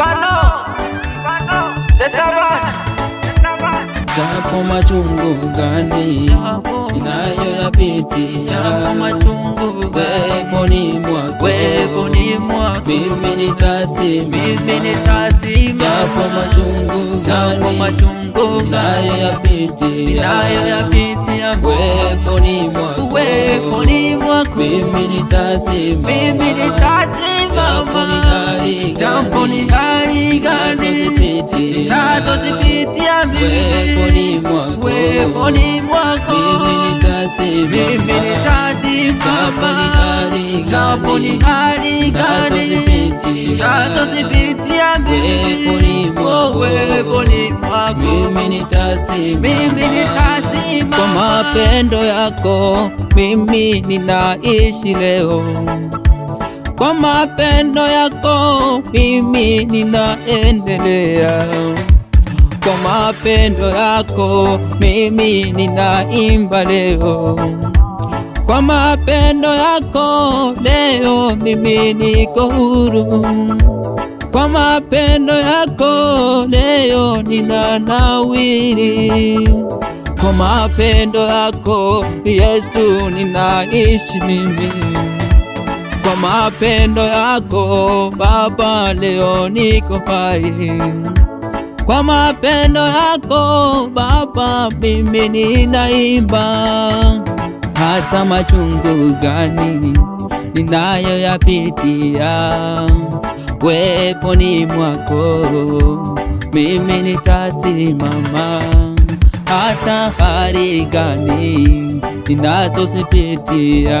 Mfano japo machungu gani inayoyapitia, wepo ni mwako, mimi ni tasima. Japo machungu inayoyapitia, wepo ni mwako, mimi ni tasima gani nazozipitia mimi, weponi mwako mimi nitasima, japo ni hali gani nazozipitia mimi, weponi mwako mimi nitasima. Kwa mapendo yako mimi ninaishi leo kwa mapendo yako mimi ninaendelea, kwa mapendo yako mimi ninaimba leo, kwa mapendo yako leo mimi niko huru, kwa mapendo yako leo ninanawiri, kwa mapendo yako Yesu ninaishi mimi kwa mapendo yako Baba, leo niko hai. Kwa mapendo yako Baba, mimi ninaimba hata machungu gani ninayoyapitia, weponi mwako mimi nitasimama, hata hari gani ninazozipitia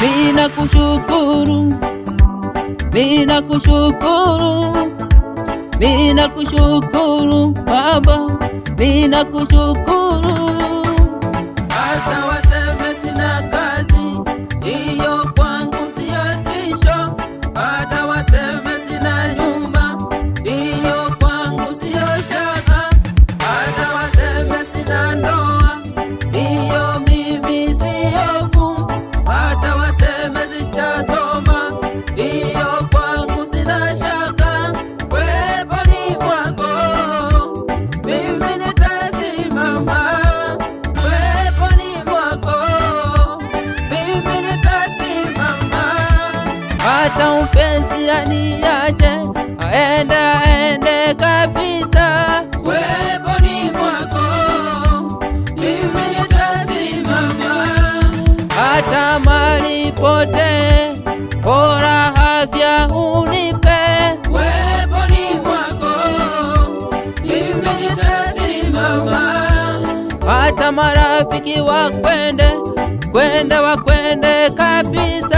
Mina kushukuru, mina kushukuru, mina kushukuru Baba, mina kushukuru enda ende kabisa. Weponi mwako nimetasimama, hata mali pote, bora afya unipe. Weponi mwako nimetasimama, hata marafiki wakwende kwenda wakwende kabisa